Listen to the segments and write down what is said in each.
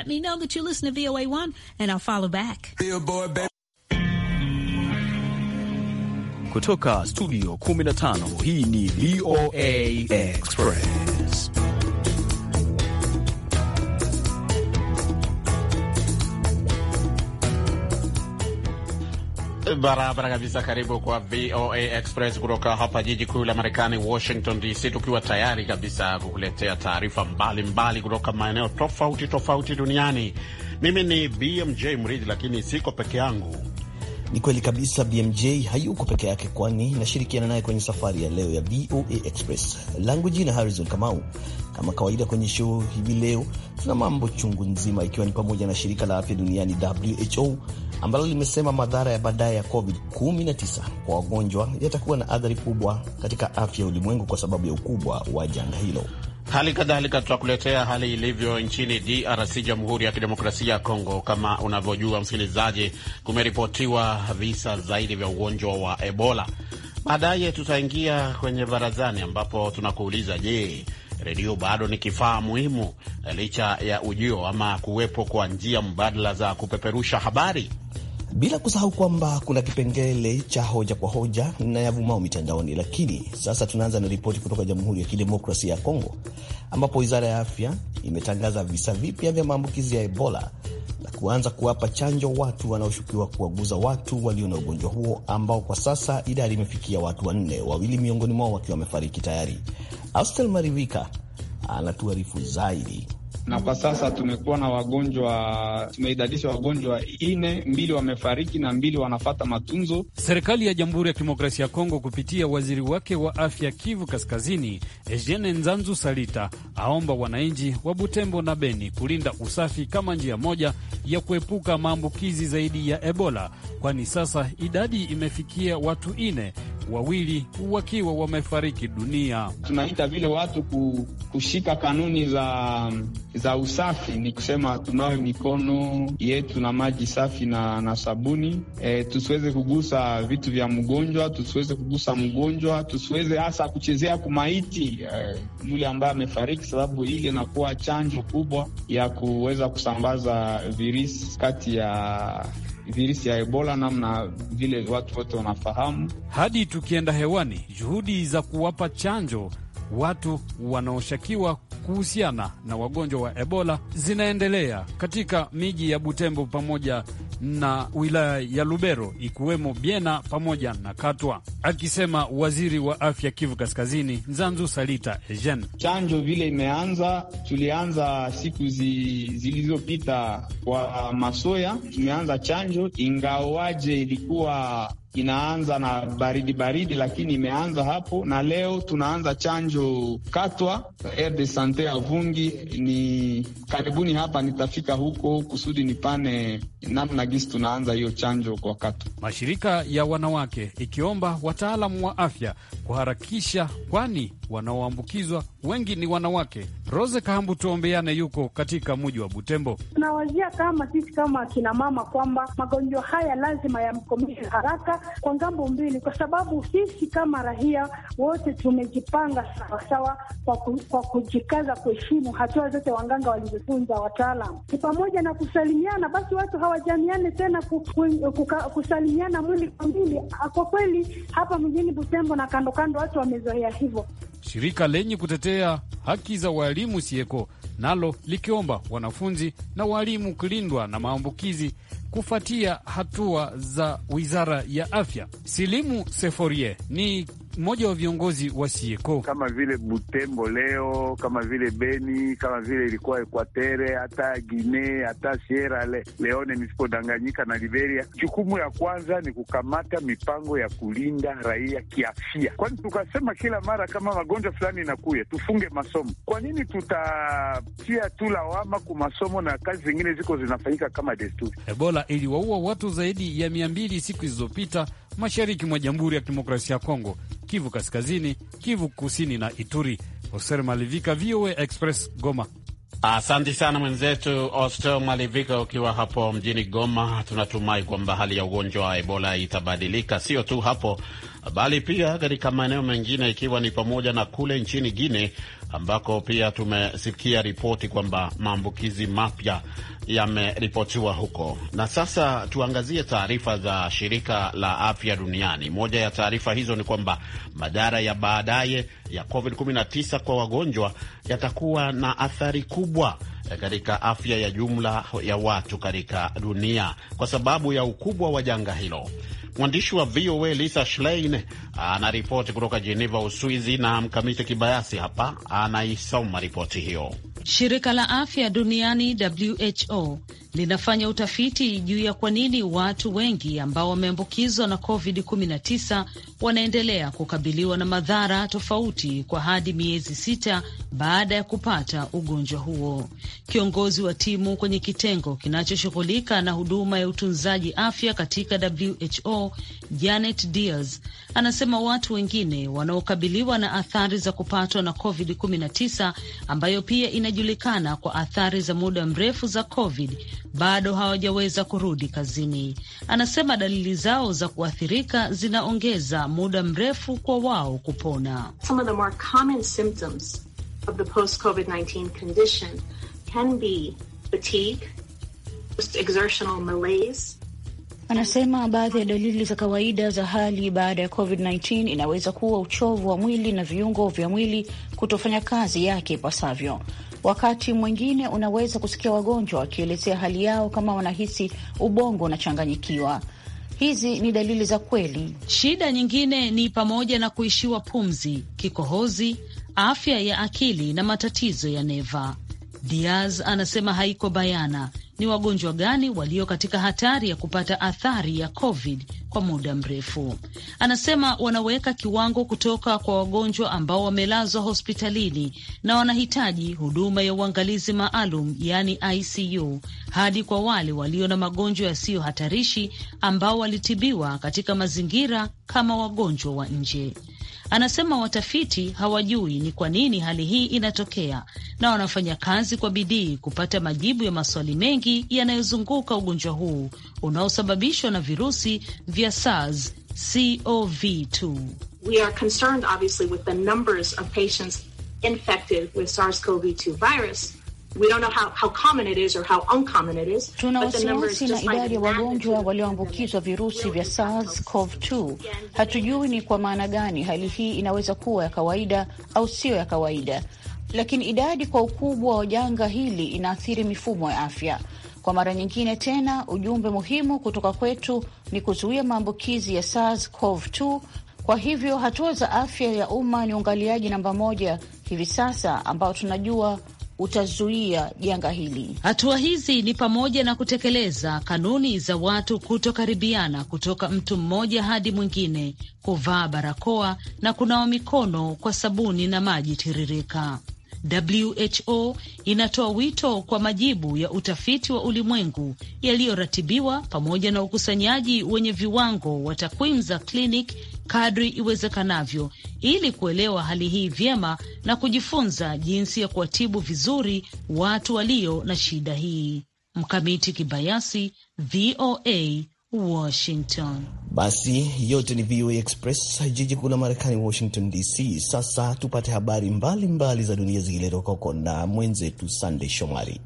Let me know that you listen to VOA1 and I'll follow back. Kutoka studio 15 hii ni VOA Express. Barabara kabisa. Karibu kwa VOA Express kutoka hapa jiji kuu la Marekani, Washington DC, tukiwa tayari kabisa kukuletea taarifa mbalimbali kutoka maeneo tofauti tofauti duniani. Mimi ni BMJ Mridhi, lakini siko peke yangu. Ni kweli kabisa, BMJ hayuko peke yake, kwani nashirikiana naye kwenye safari ya leo ya VOA Express. Langu jina Harrison Kamau. Kama kawaida kwenye show hivi leo, tuna mambo chungu nzima, ikiwa ni pamoja na shirika la afya duniani WHO ambalo limesema madhara ya baadaye ya COVID-19 kwa wagonjwa yatakuwa na athari kubwa katika afya ya ulimwengu kwa sababu ya ukubwa wa janga hilo. Hali kadhalika tutakuletea hali ilivyo nchini DRC, Jamhuri ya Kidemokrasia ya Kongo. Kama unavyojua msikilizaji, kumeripotiwa visa zaidi vya ugonjwa wa Ebola. Baadaye tutaingia kwenye barazani, ambapo tunakuuliza je, redio bado ni kifaa muhimu licha ya ujio ama kuwepo kwa njia mbadala za kupeperusha habari, bila kusahau kwamba kuna kipengele cha hoja kwa hoja na yavumao mitandaoni. Lakini sasa tunaanza na ripoti kutoka Jamhuri ya Kidemokrasia ya Kongo, ambapo wizara ya afya imetangaza visa vipya vya maambukizi ya Ebola na kuanza kuwapa chanjo watu wanaoshukiwa kuwaguza watu walio na ugonjwa huo, ambao kwa sasa idadi imefikia watu wanne, wawili miongoni mwao wakiwa wamefariki tayari. Astel Marivika anatuarifu zaidi na kwa sasa tumekuwa na wagonjwa, tumeidadisha wagonjwa ine, mbili wamefariki na mbili wanafata matunzo. Serikali ya Jamhuri ya Kidemokrasia ya Kongo kupitia waziri wake wa afya Kivu Kaskazini, Ejene Nzanzu Salita, aomba wananchi wa Butembo na Beni kulinda usafi kama njia moja ya kuepuka maambukizi zaidi ya Ebola, kwani sasa idadi imefikia watu ine wawili wakiwa wamefariki dunia. Tunaita vile watu kushika kanuni za za usafi, ni kusema tunawe mikono yetu na maji safi na, na sabuni e, tusiweze kugusa vitu vya mgonjwa, tusiweze kugusa mgonjwa, tusiweze hasa kuchezea kumaiti e, ambaye amefariki, sababu ile inakuwa chanjo kubwa ya kuweza kusambaza virusi kati ya virusi ya Ebola namna vile watu wote wanafahamu. Hadi tukienda hewani, juhudi za kuwapa chanjo watu wanaoshakiwa kuhusiana na wagonjwa wa Ebola zinaendelea katika miji ya Butembo pamoja na wilaya ya Lubero ikiwemo Biena pamoja na Katwa, akisema waziri wa afya Kivu Kaskazini Nzanzu Salita Eugene. Chanjo vile imeanza, tulianza siku zi, zilizopita kwa masoya, tumeanza chanjo ingawaje ilikuwa inaanza na baridi baridi, lakini imeanza hapo, na leo tunaanza chanjo katwa de sante ya vungi. Ni karibuni hapa nitafika huko kusudi nipane namna gisi tunaanza hiyo chanjo kwa katwa. Mashirika ya wanawake ikiomba wataalamu wa afya kuharakisha, kwani wanaoambukizwa wengi ni wanawake. Rose Kahambu tuombeane yuko katika muji wa Butembo. Tunawazia kama sisi kama akina mama kwamba magonjwa haya lazima yamkomeshe haraka kwa ngambo mbili, kwa sababu sisi kama rahia wote tumejipanga sawasawa kwa, ku, kwa kujikaza kuheshimu hatua zote wanganga walizofunza wataalam, ni pamoja na kusalimiana. Basi watu hawajamiane tena kusalimiana mwili kwa mwili. Kwa kweli hapa mjini Butembo na kandokando watu wamezoea hivyo shirika lenye kutetea haki za walimu sieko nalo likiomba wanafunzi na walimu kulindwa na maambukizi kufuatia hatua za wizara ya afya. Silimu Seforie ni mmoja wa viongozi wa Sieko kama vile Butembo leo, kama vile Beni, kama vile ilikuwa Ekwatere, hata Guinea, hata Sierra le, Leone nisipodanganyika na Liberia. Jukumu ya kwanza ni kukamata mipango ya kulinda raia kiafya, kwani tukasema kila mara kama magonjwa fulani inakuya tufunge masomo. Kwa nini tutatia tu lawama ku masomo na kazi zingine ziko zinafanyika kama desturi? Ebola iliwaua watu zaidi ya mia mbili siku zilizopita mashariki mwa Jamhuri ya Kidemokrasia ya Kongo, Kivu Kaskazini, Kivu Kusini na Ituri. Hoser Malivika, VOA Express, Goma. Asante sana mwenzetu Ostel Malivika ukiwa hapo mjini Goma. Tunatumai kwamba hali ya ugonjwa wa Ebola itabadilika, sio tu hapo bali pia katika maeneo mengine, ikiwa ni pamoja na kule nchini Guine ambako pia tumesikia ripoti kwamba maambukizi mapya yameripotiwa huko. Na sasa tuangazie taarifa za shirika la afya duniani. Moja ya taarifa hizo ni kwamba madhara ya baadaye ya COVID-19 kwa wagonjwa yatakuwa na athari kubwa katika afya ya jumla ya watu katika dunia kwa sababu ya ukubwa wa janga hilo. Mwandishi wa VOA Lisa Schlein anaripoti kutoka Jeneva, Uswizi, na Mkamiti Kibayasi hapa anaisoma ripoti hiyo. Shirika la afya duniani WHO linafanya utafiti juu ya kwa nini watu wengi ambao wameambukizwa na COVID-19 wanaendelea kukabiliwa na madhara tofauti kwa hadi miezi sita baada ya kupata ugonjwa huo. Kiongozi wa timu kwenye kitengo kinachoshughulika na huduma ya utunzaji afya katika WHO, Janet Diaz, anasema anasema watu wengine wanaokabiliwa na athari za kupatwa na COVID-19 ambayo pia inajulikana kwa athari za muda mrefu za COVID bado hawajaweza kurudi kazini. Anasema dalili zao za kuathirika zinaongeza muda mrefu kwa wao kupona. Some of the more common symptoms of the post-COVID-19 condition can be fatigue, exertional malaise Anasema baadhi ya dalili za kawaida za hali baada ya COVID-19 inaweza kuwa uchovu wa mwili na viungo vya mwili kutofanya kazi yake ipasavyo. Wakati mwingine unaweza kusikia wagonjwa wakielezea hali yao kama wanahisi ubongo unachanganyikiwa. Hizi ni dalili za kweli. Shida nyingine ni pamoja na kuishiwa pumzi, kikohozi, afya ya akili na matatizo ya neva. Diaz anasema haiko bayana ni wagonjwa gani walio katika hatari ya kupata athari ya COVID kwa muda mrefu. Anasema wanaweka kiwango kutoka kwa wagonjwa ambao wamelazwa hospitalini na wanahitaji huduma ya uangalizi maalum, yani ICU, hadi kwa wale walio na magonjwa yasiyo hatarishi ambao walitibiwa katika mazingira kama wagonjwa wa nje. Anasema watafiti hawajui ni kwa nini hali hii inatokea na wanafanya kazi kwa bidii kupata majibu ya maswali mengi yanayozunguka ugonjwa huu unaosababishwa na virusi vya SARS CoV2. We are concerned obviously with the numbers of patients infected with SARS-CoV-2 virus. Tuna wasiwasi na idadi ya wagonjwa walioambukizwa virusi vya SARS-CoV-2. Hatujui ni kwa maana gani hali hii inaweza kuwa ya kawaida au siyo ya kawaida, lakini idadi kwa ukubwa wa janga hili inaathiri mifumo ya afya. Kwa mara nyingine tena, ujumbe muhimu kutoka kwetu ni kuzuia maambukizi ya SARS-CoV-2. Kwa hivyo hatua za afya ya umma ni ungaliaji namba moja hivi sasa, ambao tunajua utazuia janga hili. Hatua hizi ni pamoja na kutekeleza kanuni za watu kutokaribiana kutoka mtu mmoja hadi mwingine, kuvaa barakoa na kunawa mikono kwa sabuni na maji tiririka. WHO inatoa wito kwa majibu ya utafiti wa ulimwengu yaliyoratibiwa pamoja na ukusanyaji wenye viwango wa takwimu za clinic kadri iwezekanavyo ili kuelewa hali hii vyema na kujifunza jinsi ya kuwatibu vizuri watu walio na shida hii. Mkamiti Kibayasi, VOA Washington. Basi yote ni VOA Express, jiji kuu la Marekani, Washington DC. Sasa tupate habari mbalimbali mbali za dunia zikiletwa kwako na mwenzetu Sandey Shomari.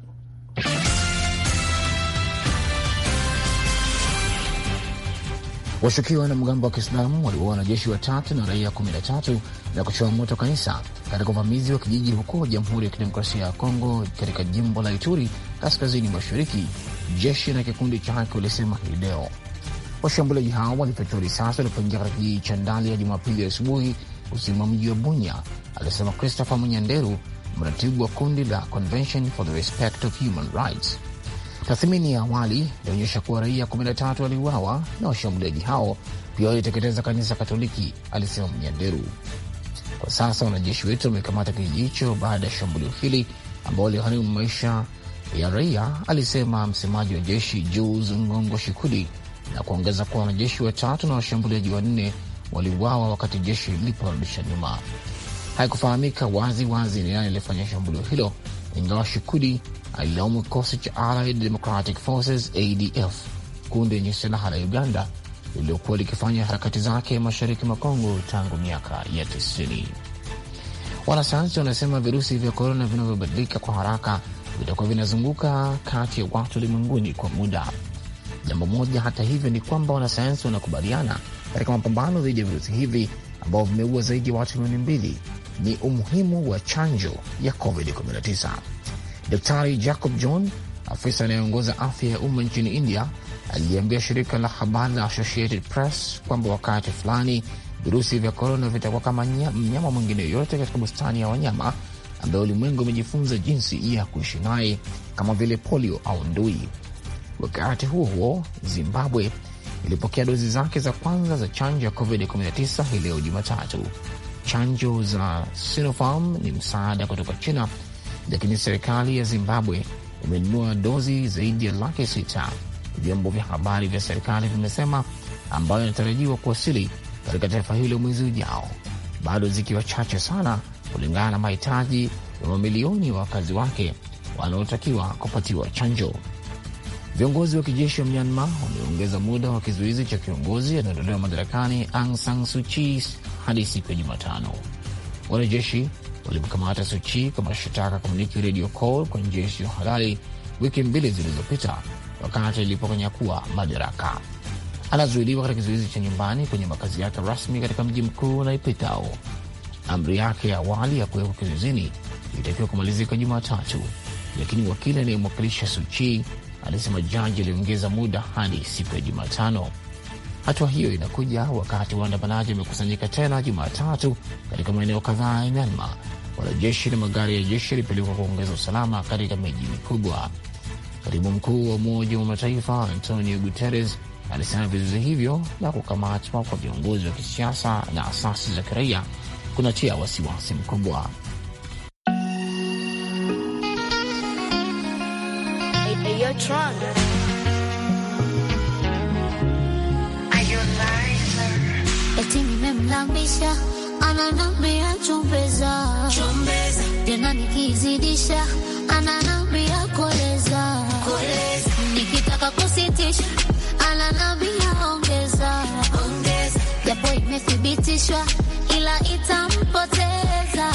Washukiwa wanamgambo wa Kiislamu waliua wanajeshi watatu na raia 13 na kuchoma moto kanisa katika uvamizi wa kijiji huko Jamhuri ya Kidemokrasia ya Kongo, katika jimbo la Ituri kaskazini mashariki, jeshi na kikundi chake walisema hii leo. Washambuliaji hao walifyatua risasi walipoingia katika kijiji cha Ndali ya Jumapili asubuhi, kusini mwa mji wa Bunya, alisema Christopher Munyanderu, mratibu wa kundi la Convention for the Respect of Human Rights. Tathmini ya awali ilionyesha kuwa raia 13 waliuawa na washambuliaji hao pia waliteketeza kanisa Katoliki, alisema Mnyanderu. Kwa sasa wanajeshi wetu wamekamata kijiji hicho baada ya shambulio hili ambao waliharimu maisha ya raia, alisema msemaji wa jeshi Jules Ngongo Shikudi, na kuongeza kuwa wanajeshi watatu na washambuliaji wanne waliuawa wakati jeshi liliporudisha nyuma. Haikufahamika wazi wazi ni nani aliyefanya shambulio hilo, ingawa Shikudi alilaumu kikosi cha Allied Democratic Forces ADF, kundi lenye silaha la Uganda lililokuwa likifanya harakati zake mashariki mwa Kongo tangu miaka ya 90. Wanasayansi wanasema virusi vya korona vinavyobadilika kwa haraka vitakuwa vinazunguka kati ya watu ulimwenguni kwa muda. Jambo moja hata hivyo ni kwamba wanasayansi wanakubaliana katika mapambano dhidi ya virusi hivi ambao vimeua zaidi ya watu milioni mbili ni umuhimu wa chanjo ya COVID-19. Daktari Jacob John, afisa anayeongoza afya ya umma nchini India, aliliambia shirika la habari la Associated Press kwamba wakati fulani virusi vya korona vitakuwa kama mnyama mwingine yoyote katika bustani ya wanyama ambayo ulimwengu umejifunza jinsi ya kuishi naye kama vile polio au ndui. Wakati huo huo, Zimbabwe ilipokea dozi zake za kwanza za chanjo ya COVID-19 hii leo Jumatatu. Chanjo za Sinopharm ni msaada kutoka China lakini serikali ya Zimbabwe imenunua dozi zaidi ya laki sita, vyombo vya habari vya serikali vimesema, ambayo inatarajiwa kuwasili katika taifa hilo mwezi ujao, bado zikiwa chache sana kulingana na mahitaji ya mamilioni ya wakazi wake wanaotakiwa kupatiwa chanjo. Viongozi wa kijeshi wa Myanmar wameongeza muda wa kizuizi cha kiongozi anaondolewa madarakani Aung San Suu Kyi hadi siku ya Jumatano. Wanajeshi walimkamata Suchi kwa mashtaka kumiliki redio Call kwa njia isiyo halali wiki mbili zilizopita, wakati ilipokanya kuwa madaraka. Anazuiliwa katika kizuizi cha nyumbani kwenye makazi yake rasmi katika mji mkuu Naipitao. Amri yake ya awali ya kuwekwa kizuizini ilitakiwa kumalizika Jumatatu, lakini wakili anayemwakilisha Suchi alisema jaji aliongeza muda hadi siku ya Jumatano. Hatua hiyo inakuja wakati waandamanaji wamekusanyika tena Jumatatu katika maeneo kadhaa ya Myanmar wanajeshi na magari ya jeshi yalipelekwa kuongeza usalama katika miji mikubwa. Katibu mkuu wa Umoja wa Mataifa Antonio Guterres alisema vizuizi hivyo na kukamatwa kwa viongozi wa kisiasa na asasi za kiraia kunatia wasiwasi mkubwa. Hey, hey, ananambia chumbeza, chumbeza. Tena nikizidisha ana koleza, koleza. Nikitaka kusitisha ananambia ongeza, ongeza. Japo imethibitishwa ila itampoteza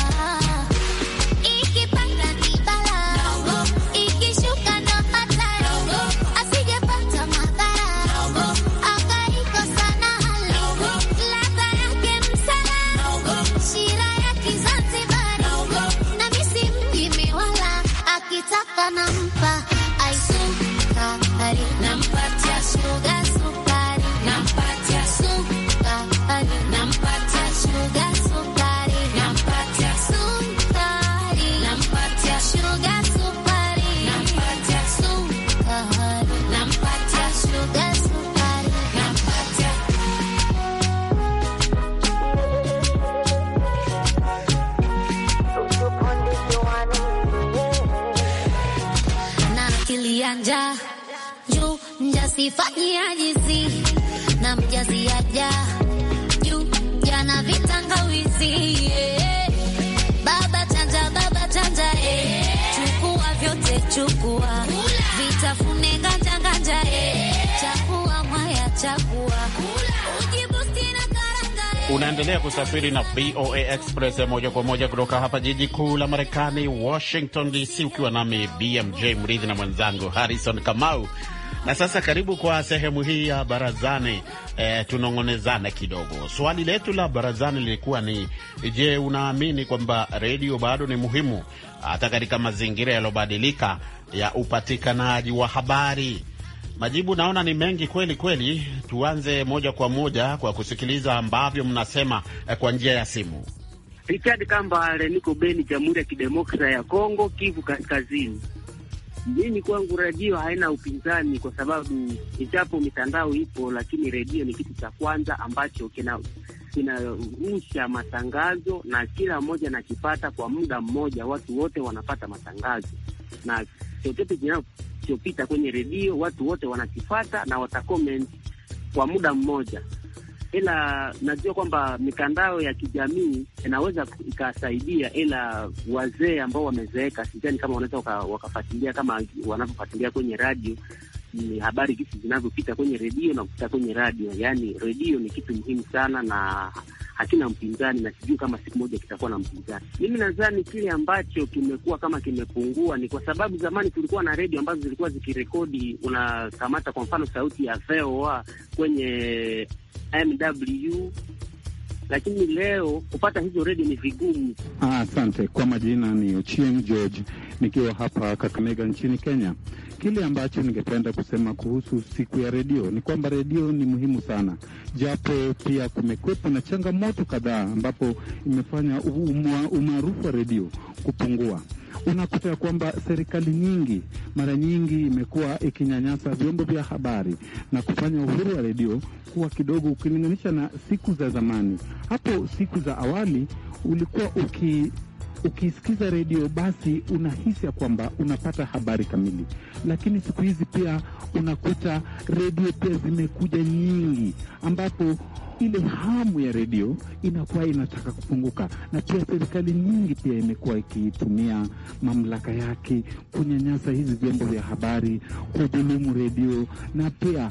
janja juu mjasi fanyiajizi na mjazi aja juu jana vitangawizi yeah. Baba chanja baba chanja eh. Chukua vyote chukua, vitafune ganja ganja eh. Chakua mwaya chakua Unaendelea kusafiri na VOA Express moja kwa moja kutoka hapa jiji kuu la Marekani, Washington DC, ukiwa nami BMJ Mridhi na mwenzangu Harrison Kamau. Na sasa karibu kwa sehemu hii ya barazani. E, tunong'onezana kidogo. Swali letu la barazani lilikuwa ni je, unaamini kwamba redio bado ni muhimu hata katika mazingira yaliyobadilika ya upatikanaji wa habari? Majibu naona ni mengi kweli kweli. Tuanze moja kwa moja kwa kusikiliza ambavyo mnasema eh, kwa njia ya simu. Richard Kambale, niko Beni, Jamhuri ya Kidemokrasia ya Kongo, Kivu Kaskazini. Mimi kwangu redio haina upinzani, kwa sababu ijapo mitandao ipo, lakini redio ni kitu cha kwanza ambacho kinarusha matangazo na kila mmoja nakipata kwa muda mmoja, watu wote wanapata matangazo na chochote kilichopita kwenye redio, watu wote wanakifata na watakoment kwa muda mmoja, ila najua kwamba mitandao ya kijamii inaweza ikasaidia, ila wazee ambao wamezeeka, sijani kama wanaweza wakafatilia kama wanavyofatilia kwenye radio ni habari gisi zinavyopita kwenye redio na kupita kwenye radio. Yaani redio ni kitu muhimu sana na hakina mpinzani na sijui kama siku moja kitakuwa na mpinzani. Mimi nadhani kile ambacho kimekuwa kama kimepungua ni kwa sababu zamani kulikuwa na redio ambazo zilikuwa zikirekodi, unakamata kwa mfano sauti ya VOA kwenye MW lakini leo kupata hizo redio ni vigumu. Asante. Ah, kwa majina ni Ochieng George nikiwa hapa Kakamega nchini Kenya. Kile ambacho ningependa kusema kuhusu siku ya redio ni kwamba redio ni muhimu sana, japo pia kumekwepo na changamoto kadhaa ambapo imefanya umaarufu wa redio kupungua. Unakuta ya kwamba serikali nyingi mara nyingi imekuwa ikinyanyasa vyombo vya habari na kufanya uhuru wa redio kuwa kidogo ukilinganisha na siku za zamani. Hapo siku za awali ulikuwa uki ukisikiza redio basi unahisi ya kwamba unapata habari kamili, lakini siku hizi pia unakuta redio pia zimekuja nyingi ambapo ile hamu ya redio inakuwa inataka kupunguka, na pia serikali nyingi pia imekuwa ikitumia mamlaka yake kunyanyasa hizi vyombo vya habari, kudhulumu redio, na pia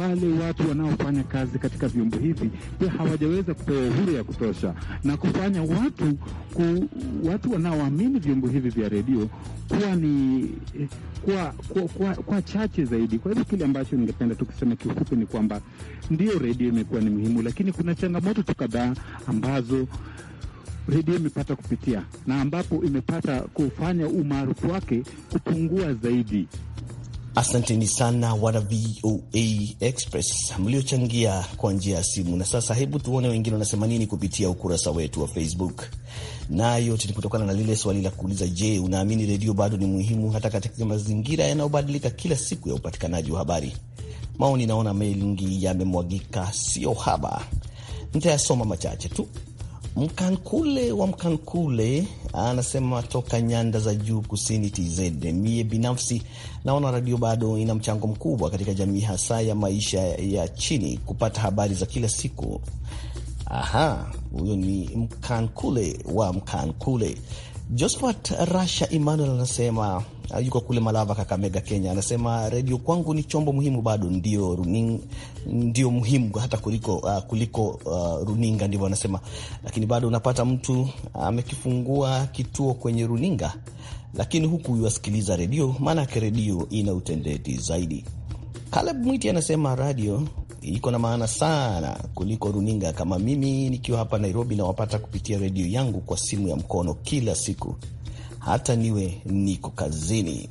wale watu wanaofanya kazi katika vyombo hivi pia hawajaweza kupewa uhuru ya kutosha, na kufanya watu ku, watu wanaoamini vyombo hivi vya redio kuwa ni eh, kuwa, kuwa, kuwa, kuwa chache zaidi. Kwa hivyo kile ambacho ningependa tukisema kiufupi ni kwamba ndio redio imekuwa ni muhimu lakini kuna changamoto tu kadhaa ambazo redio imepata kupitia na ambapo imepata kufanya umaarufu wake kupungua zaidi. Asanteni sana wana VOA Express mliochangia kwa njia ya simu. Na sasa hebu tuone wengine wanasema nini kupitia ukurasa wetu wa Facebook, na yote ni kutokana na lile swali la kuuliza, je, unaamini redio bado ni muhimu hata katika mazingira yanayobadilika kila siku ya upatikanaji wa habari? Maoni naona mengi yamemwagika, sio haba. Nitayasoma machache tu. Mkankule wa Mkankule anasema toka nyanda za juu kusini TZ, mie binafsi naona radio bado ina mchango mkubwa katika jamii, hasa ya maisha ya chini kupata habari za kila siku. Aha, huyo ni Mkankule wa Mkankule. Josphat Rasha Emmanuel anasema uh, yuko kule Malava, Kakamega, Kenya. Anasema redio kwangu ni chombo muhimu, bado ndio runing, ndio muhimu hata kuliko, uh, kuliko uh, runinga, ndivyo anasema. Lakini bado unapata mtu amekifungua uh, kituo kwenye runinga, lakini huku huwasikiliza redio, maanake redio ina utendeti zaidi. Caleb Mwiti anasema radio iko na maana sana kuliko runinga. Kama mimi nikiwa hapa Nairobi nawapata kupitia redio yangu kwa simu ya mkono kila siku, hata niwe niko kazini.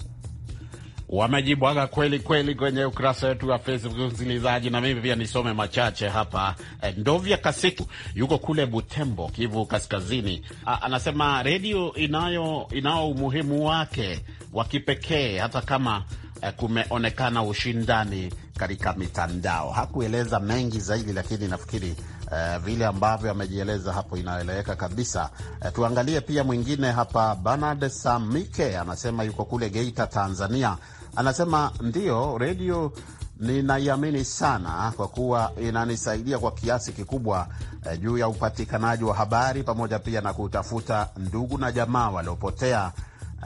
Wamejibwaga kweli kweli kwenye ukurasa wetu wa Facebook, msikilizaji, na mimi pia nisome machache hapa. Eh, Ndovya Kasiku yuko kule Butembo, Kivu Kaskazini, anasema redio inayo inao umuhimu wake wa kipekee hata kama Eh, kumeonekana ushindani katika mitandao. Hakueleza mengi zaidi, lakini nafikiri eh, vile ambavyo amejieleza hapo inaeleweka kabisa. Eh, tuangalie pia mwingine hapa, Bernard Samike anasema yuko kule Geita, Tanzania. Anasema ndiyo, redio ninaiamini sana kwa kuwa inanisaidia kwa kiasi kikubwa eh, juu ya upatikanaji wa habari pamoja pia na kutafuta ndugu na jamaa waliopotea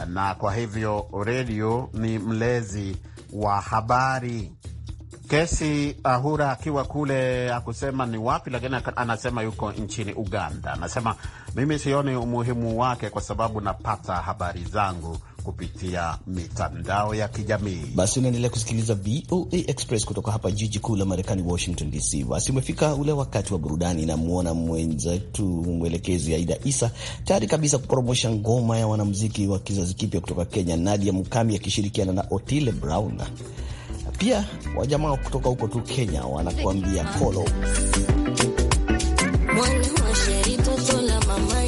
na kwa hivyo redio ni mlezi wa habari. Kesi Ahura uh, akiwa kule akusema ni wapi, lakini anasema yuko nchini Uganda. Anasema mimi sioni umuhimu wake kwa sababu napata habari zangu kupitia mitandao ya kijamii. Basi unaendelea kusikiliza VOA Express kutoka hapa jiji kuu la Marekani, Washington DC. Basi umefika ule wakati wa burudani. Namwona mwenzetu mwelekezi Aida Isa tayari kabisa kupromosha ngoma ya wanamziki wa kizazi kipya kutoka Kenya, Nadia Mukami akishirikiana na Otile Brown. Pia wajamaa kutoka huko tu Kenya wanakuambia polo mwana wa sheri toto la mama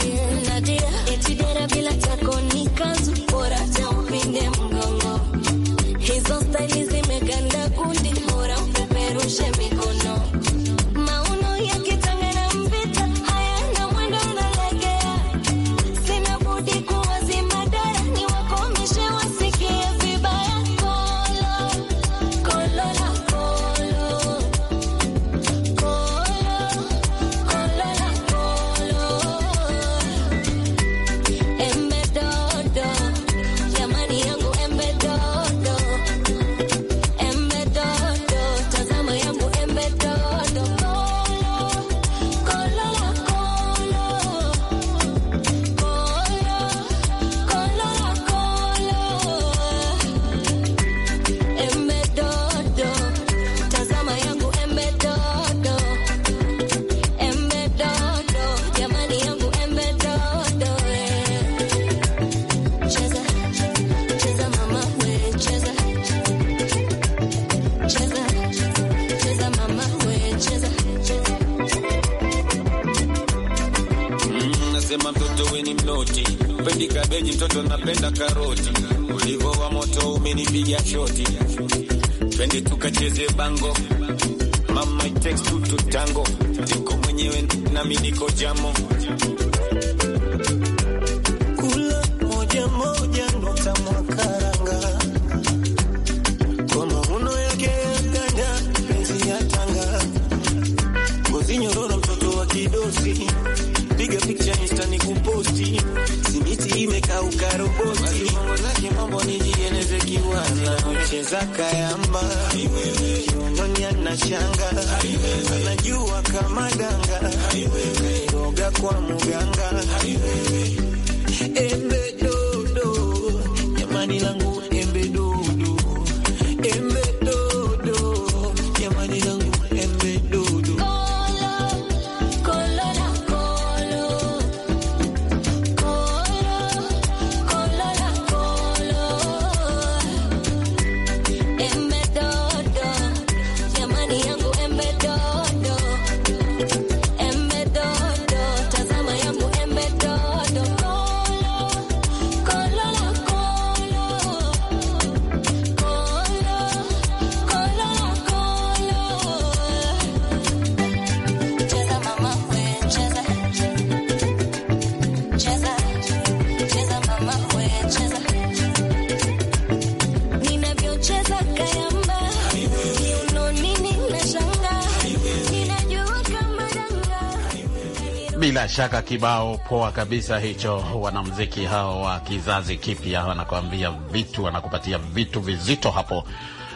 shaka kibao poa kabisa hicho. Wanamziki hao wa kizazi kipya wanakuambia vitu, wanakupatia vitu vizito hapo.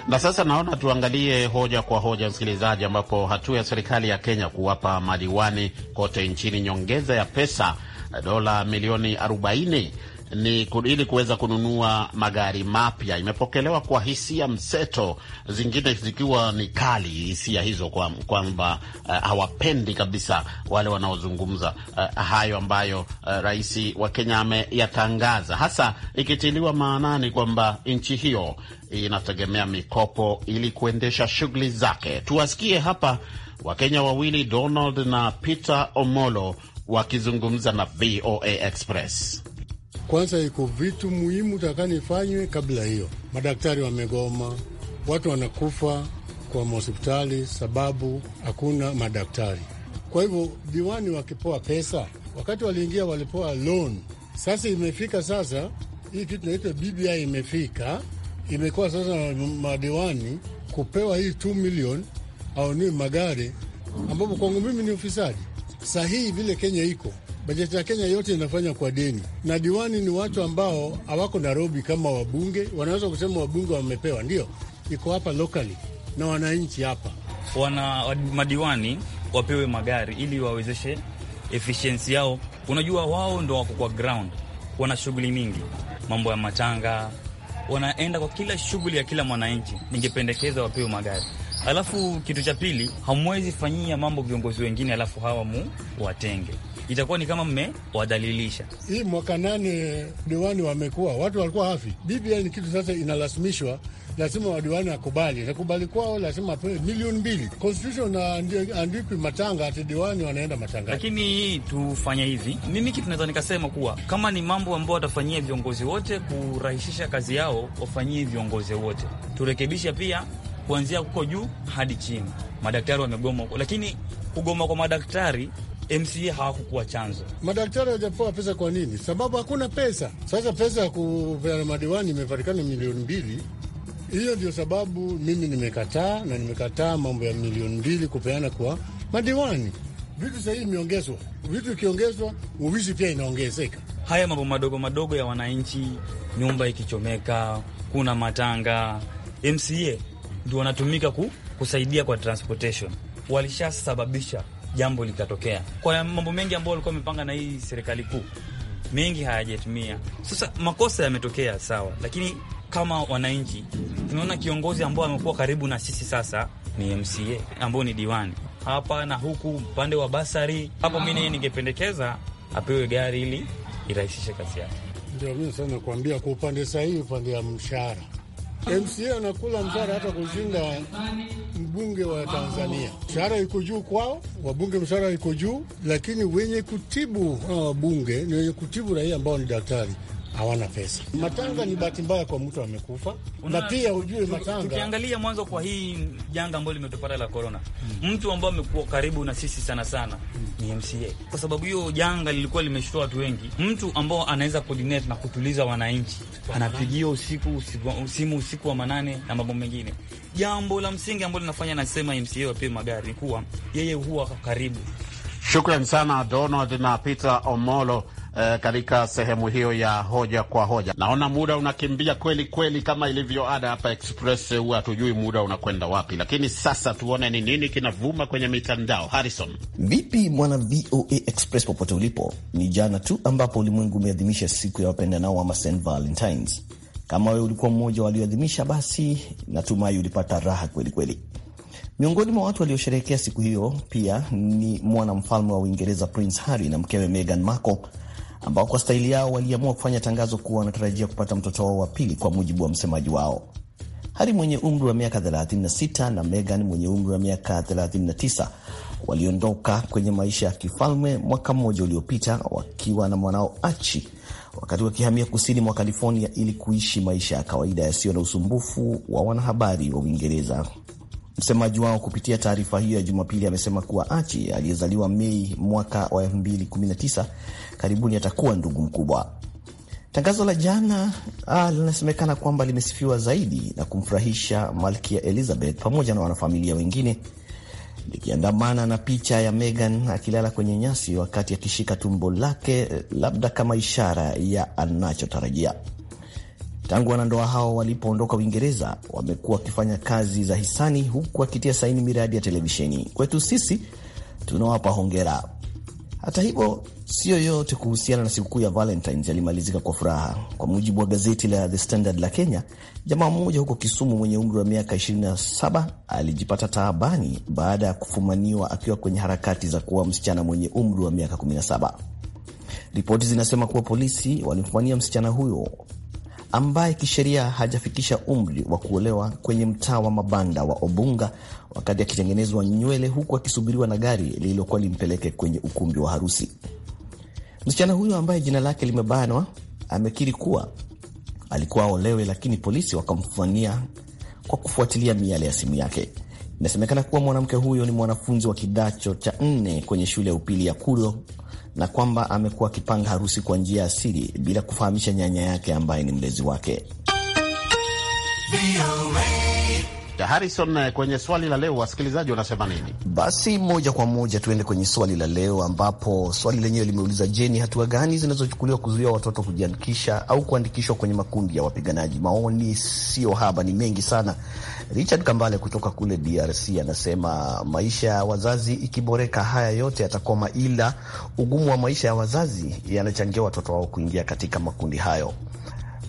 Na sasa naona tuangalie hoja kwa hoja, msikilizaji, ambapo hatua ya serikali ya Kenya kuwapa madiwani kote nchini nyongeza ya pesa dola milioni 40 ni ili kuweza kununua magari mapya. Imepokelewa kwa hisia mseto, zingine zikiwa ni kali hisia hizo, kwamba kwa uh, eh, hawapendi kabisa wale wanaozungumza uh, hayo ambayo uh, rais wa Kenya ameyatangaza, hasa ikitiliwa maanani kwamba nchi hiyo inategemea mikopo ili kuendesha shughuli zake. Tuwasikie hapa Wakenya wawili Donald na Peter Omolo wakizungumza na VOA Express. Kwanza iko vitu muhimu takanifanywe kabla hiyo. Madaktari wamegoma, watu wanakufa kwa mahospitali sababu hakuna madaktari. Kwa hivyo diwani wakipewa pesa, wakati waliingia walipewa loan. Sasa imefika sasa, hii kitu naitwa BBI imefika, imekuwa sasa madiwani kupewa hii 2 milioni aonue magari, ambapo kwangu mimi ni ufisadi sahihi vile Kenya iko Bajeti ya Kenya yote inafanya kwa deni, na diwani ni watu ambao hawako Nairobi kama wabunge. Wanaweza kusema wabunge wamepewa, ndio iko hapa locally na wananchi hapa. Wana madiwani wapewe magari ili wawezeshe efficiency yao. Unajua, wao ndo wako kwa ground, wana shughuli mingi, mambo ya matanga, wanaenda kwa kila shughuli ya kila mwananchi. Ningependekeza wapewe magari. Alafu kitu cha pili, hamwezi fanyia mambo viongozi wengine, alafu hawa mu watenge itakuwa ni kama mmewadhalilisha. Hii mwaka nane diwani wamekuwa watu walikuwa hafi. BBI ni kitu sasa inalasimishwa, lazima wadiwani akubali, akubali kwao lazima apewe milioni mbili. Constitution naandikwi matanga ati diwani wanaenda matanga. Lakini tufanye hivi, mimi kitu naweza nikasema kuwa kama ni mambo ambayo watafanyia viongozi wote kurahisisha kazi yao, wafanyie viongozi wote, turekebisha pia kuanzia huko juu hadi chini. Madaktari wamegoma huko, lakini kugoma kwa madaktari MCA hawakukuwa chanzo. Madaktari hawajapewa pesa kwa nini? Sababu hakuna pesa. Sasa pesa ya kupeana madiwani imepatikana milioni mbili. Hiyo ndio sababu mimi nimekataa, na nimekataa mambo ya milioni mbili kupeana kwa madiwani. Vitu sahii imeongezwa, vitu ikiongezwa, uwizi pia inaongezeka. Haya mambo madogo madogo ya wananchi, nyumba ikichomeka, kuna matanga, MCA ndio wanatumika ku, kusaidia kwa transportation, walishasababisha jambo likatokea. Kwa mambo mengi ambayo walikuwa wamepanga na hii serikali kuu, mengi hayajatumia Sasa makosa yametokea, sawa, lakini kama wananchi tunaona kiongozi ambao amekuwa karibu na sisi sasa ni MCA ambao ni diwani hapa na huku upande wa Basari hapo. mi Mimi ningependekeza apewe gari ili irahisishe kazi yake. Ndio mi sasa nakwambia kwa upande sahihi, upande ya mshahara MCA anakula mshahara hata kushinda mbunge wa Tanzania. Mshahara iko juu kwao, wabunge mshahara iko juu, lakini wenye kutibu hawa wabunge ni wenye kutibu raia ambao ni daktari hawana pesa. Matanga ni bahati mbaya kwa mtu amekufa, na pia ujue matanga, tukiangalia mwanzo kwa hii janga ambayo limetupata la korona hmm. mtu ambaye amekuwa karibu na sisi sana sana hmm. ni MCA, kwa sababu hiyo janga lilikuwa limeshtua watu wengi. Mtu ambao anaweza coordinate na kutuliza wananchi, anapigia usiku simu usiku wa manane na mambo mengine. Jambo la msingi ambalo linafanya nasema MCA wapewe magari ni kuwa yeye huwa karibu. Shukran sana Donald na Peter Omolo eh, katika sehemu hiyo ya hoja kwa hoja. Naona muda unakimbia kweli kweli, kama ilivyo ada hapa Express, eh, huwa hatujui muda unakwenda wapi. Lakini sasa tuone ni nini kinavuma kwenye mitandao. Harrison, vipi mwana VOA Express popote ulipo? Ni jana tu ambapo ulimwengu umeadhimisha siku ya wapendanao ama St Valentines. Kama wewe ulikuwa mmoja walioadhimisha, basi natumai ulipata raha kweli kweli. Miongoni mwa watu waliosherehekea siku hiyo pia ni mwanamfalme wa Uingereza Prince Harry na mkewe Meghan Markle ambao kwa staili yao waliamua kufanya tangazo kuwa wanatarajia kupata mtoto wao wa pili, kwa mujibu wa msemaji wao. Hari mwenye umri wa miaka 36 na Megan mwenye umri wa miaka 39 waliondoka kwenye maisha ya kifalme mwaka mmoja uliopita wakiwa na mwanao Achi wakati wakihamia kusini mwa California ili kuishi maisha ya kawaida yasiyo na usumbufu wa wanahabari wa Uingereza. Msemaji wao kupitia taarifa hiyo ya Jumapili amesema kuwa Achi aliyezaliwa Mei mwaka wa 2019 karibuni atakuwa ndugu mkubwa. Tangazo la jana ah, linasemekana kwamba limesifiwa zaidi na kumfurahisha Malkia Elizabeth pamoja na wanafamilia wengine likiandamana na picha ya megan akilala kwenye nyasi wakati akishika tumbo lake, eh, labda kama ishara ya anachotarajia. Tangu wanandoa hao walipoondoka Uingereza, wamekuwa wakifanya kazi za hisani huku akitia saini miradi ya televisheni. Kwetu sisi tunawapa hongera. Hata hivyo, sio yote kuhusiana na sikukuu ya Valentines yalimalizika kwa furaha. Kwa mujibu wa gazeti la The Standard la Kenya, jamaa mmoja huko Kisumu mwenye umri wa miaka 27 alijipata taabani baada ya kufumaniwa akiwa kwenye harakati za kuwa msichana mwenye umri wa miaka 17. Ripoti zinasema kuwa polisi walimfumania msichana huyo ambaye kisheria hajafikisha umri wa kuolewa kwenye mtaa wa mabanda wa Obunga wakati akitengenezwa nywele huku akisubiriwa na gari lililokuwa limpeleke kwenye ukumbi wa harusi. Msichana huyo ambaye jina lake limebanwa amekiri kuwa alikuwa aolewe lakini polisi wakamfania kwa kufuatilia miale ya simu yake. Inasemekana kuwa mwanamke huyo ni mwanafunzi wa kidacho cha nne kwenye shule ya upili ya Kuro na kwamba amekuwa akipanga harusi kwa njia ya asili bila kufahamisha nyanya yake ambaye ni mlezi wake. Harrison, eh, kwenye swali la leo wasikilizaji wanasema nini? Basi moja kwa moja tuende kwenye swali la leo, ambapo swali lenyewe limeuliza, je, ni hatua gani zinazochukuliwa kuzuia watoto kujiandikisha au kuandikishwa kwenye makundi ya wapiganaji? Maoni siyo haba, ni mengi sana Richard Kambale kutoka kule DRC anasema maisha ya wazazi ikiboreka, haya yote yatakoma, ila ugumu wa maisha ya wazazi yanachangia watoto wao kuingia katika makundi hayo.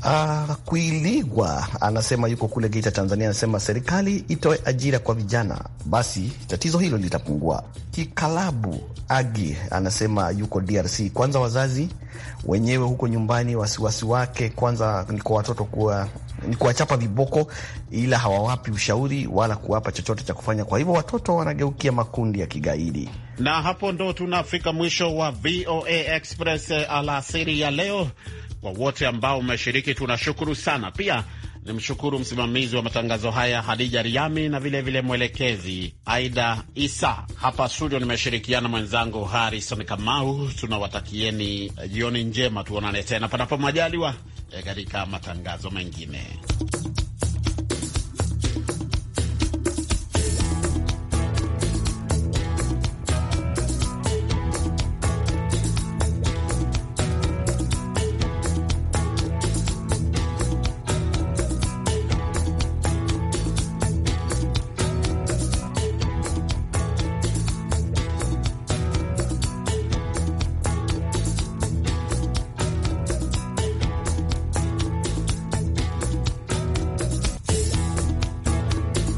Uh, ah, Kuiligwa anasema yuko kule Geita, Tanzania. Anasema serikali itoe ajira kwa vijana, basi tatizo hilo litapungua. Kikalabu Agi anasema yuko DRC. Kwanza wazazi wenyewe huko nyumbani, wasiwasi wake kwanza ni kwa watoto kuwa ni kuwachapa viboko, ila hawawapi ushauri wala kuwapa chochote cha kufanya. Kwa hivyo watoto wanageukia makundi ya kigaidi. Na hapo ndo tunafika mwisho wa VOA Express alasiri ya leo. Kwa wote ambao umeshiriki, tunashukuru sana. Pia nimshukuru msimamizi wa matangazo haya Hadija Riami na vilevile vile mwelekezi Aida Isa. Hapa studio nimeshirikiana mwenzangu harison Kamau. Tunawatakieni jioni njema, tuonane tena panapo majaliwa. Eh, katika matangazo mengine.